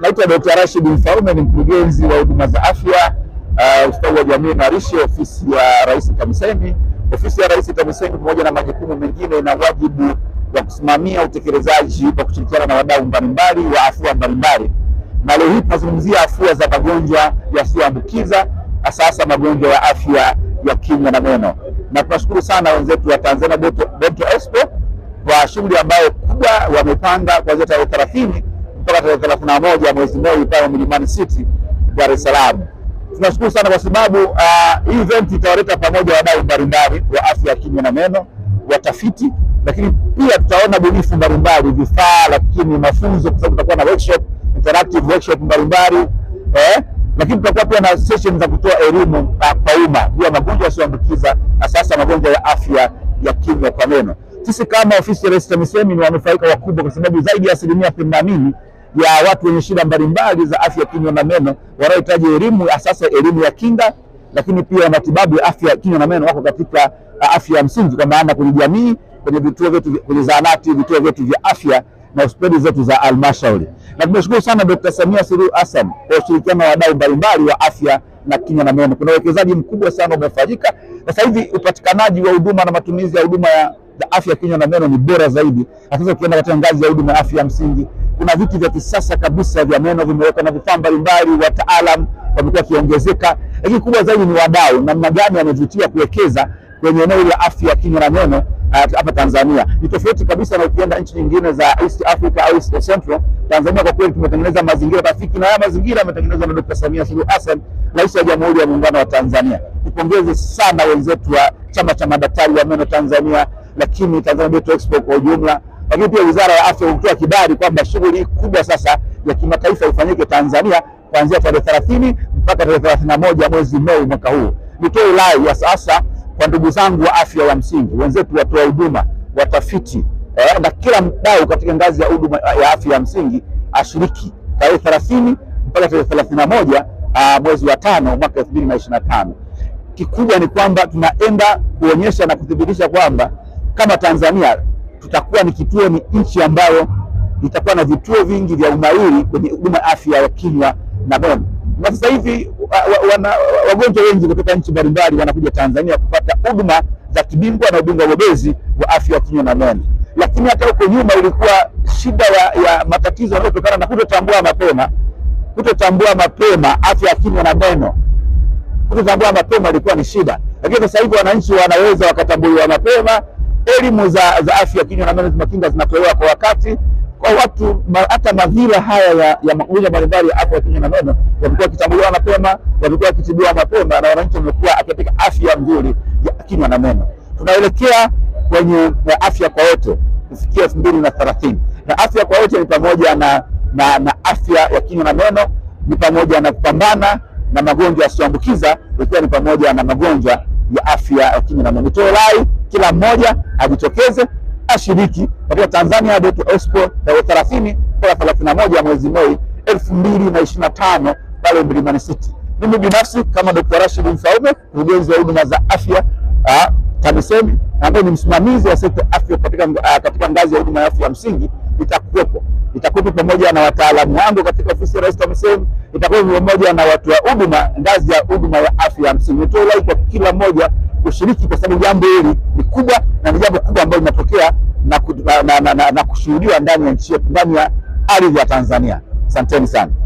Naitwa Dr. Rashid Mfaume, ni mkurugenzi wa huduma za afya uh, ustawi wa jamii na lishe, ofisi ya Rais TAMISEMI. Ofisi ya Rais TAMISEMI pamoja na majukumu mengine ina wajibu wa kusimamia utekelezaji kwa kushirikiana na wadau mbalimbali wa afua mbalimbali, na leo hii tunazungumzia afua za magonjwa yasiyoambukiza hasa magonjwa ya afya ya kinywa na meno, na tunashukuru sana wenzetu wa Tanzania Dental Expo kwa shughuli ambayo kubwa wamepanga kuanzia tarehe thelathini mpaka tarehe thelathini na moja mwezi Mei pale Mlimani City Dar es Salaam. Tunashukuru sana kwa sababu uh, hii uh, event itawaleta pamoja wadau mbalimbali wa afya ya kinywa na meno, watafiti, lakini pia tutaona bunifu mbalimbali, vifaa, lakini mafunzo, kwa sababu tutakuwa na workshop, interactive workshop mbalimbali eh? lakini tutakuwa pia na session za kutoa elimu uh, kwa umma juu ya magonjwa yasiyoambukiza, hasa magonjwa ya afya ya kinywa kwa meno. Sisi kama ofisi ya Rais TAMISEMI ni wanufaika wakubwa, kwa sababu zaidi ya asilimia themanini ya watu wenye shida mbalimbali za afya kinywa na meno wanaohitaji elimu sasa, elimu ya kinga, lakini pia matibabu ya afya kinywa na meno, wako katika uh, afya ya msingi, kwa maana kwenye jamii, kwenye vituo vyetu, kwenye zahanati, vituo vyetu vya afya na hospitali zetu za halmashauri. Na tumeshukuru sana Dr. Samia Suluhu Hassan kwa ushirikiano wa wadau mbalimbali wa afya na kinywa na meno. Kuna uwekezaji mkubwa sana umefanyika sasa hivi, upatikanaji wa huduma na matumizi ya huduma ya za afya kinywa na meno ni bora zaidi. Sasa ukienda katika ngazi ya huduma ya afya ya msingi, kuna viti vya kisasa kabisa vya meno vimewekwa na vifaa mbalimbali, wataalam wamekuwa wakiongezeka, lakini kubwa zaidi ni wadau, namna gani wamevutia kuwekeza kwenye eneo la afya ya kinywa na meno uh, hapa Tanzania ni tofauti kabisa na ukienda nchi nyingine za East Africa au East Central. Tanzania kwa kweli tumetengeneza mazingira rafiki, na haya mazingira yametengenezwa na Dr. Samia Suluhu Hassan, Rais wa Jamhuri ya Muungano wa Tanzania. Tupongeze sana wenzetu wa Chama cha Madaktari wa Meno Tanzania lakini Tanzania Beto Expo kwa ujumla, lakini pia Wizara ya Afya hutoa kibali kwamba shughuli kubwa sasa ya kimataifa ifanyike Tanzania kuanzia tarehe 30 mpaka tarehe 31 mwezi Mei mwaka huu. Nitoe rai ya sasa kwa ndugu zangu wa afya ya msingi, wenzetu watoa huduma, watafiti eh, na kila mdau katika ngazi ya huduma ya afya ya msingi ashiriki tarehe 30 mpaka tarehe 31 uh, ah, mwezi wa tano mwaka elfu mbili na ishirini na tano. Kikubwa ni kwamba tunaenda kuonyesha na kuthibitisha kwamba kama Tanzania tutakuwa ni kituo, ni nchi ambayo itakuwa na vituo vingi vya umahiri kwenye huduma afya ya kinywa na meno. Na sasa hivi wagonjwa wengi kutoka nchi mbalimbali wanakuja Tanzania kupata huduma za kibingwa na ubingwa bobezi wa afya ya kinywa na meno, lakini hata huko nyuma ilikuwa shida ya, ya matatizo yanayotokana na kutotambua mapema kutotambua mapema afya ya kinywa na meno, kutotambua mapema ilikuwa ni shida, lakini sasa hivi wananchi wanaweza wakatambuliwa mapema elimu za, za afya kinywa na meno zimakinga zinatolewa kwa wakati kwa watu hata ma, madhira haya ya, ya magonjwa mbalimbali ya afya ya kinywa na meno yamekuwa yakitambuliwa mapema, yamekuwa yakitibiwa mapema na wananchi wamekuwa akipata afya nzuri ya kinywa na meno. Tunaelekea kwenye ya eh, afya kwa wote kufikia elfu mbili na thelathini na afya kwa wote ni pamoja na, na, na afya ya kinywa na meno ni pamoja na kupambana na magonjwa yasiyoambukiza ikiwa ni pamoja na magonjwa ya afya ya kinywa na meno. Nitoe rai kila mmoja ajitokeze ashiriki katika Tanzania Adept Expo tarehe thelathini mpaka thelathini na moja mwezi Mei elfu mbili na ishirini na tano pale Mlimani City. Mimi binafsi kama Dr. Rashid Mfaume, mkurugenzi wa huduma za afya TAMISEMI ambaye ni msimamizi wa sekta afya katika, katika ngazi ya huduma ya afya ya msingi itakuwepo itakuwepo pamoja na wataalamu wangu katika ofisi ya Rais TAMISEMI, itakuwepo pamoja na watu wa huduma ngazi ya huduma ya afya ya msingi. Nitoe rai kwa kila mmoja ushiriki, kwa sababu jambo hili ni kubwa na ni jambo kubwa ambalo linatokea na, na, na, na, na, na kushuhudiwa ndani ya nchi yetu, ndani ya ardhi ya Tanzania. Asanteni sana.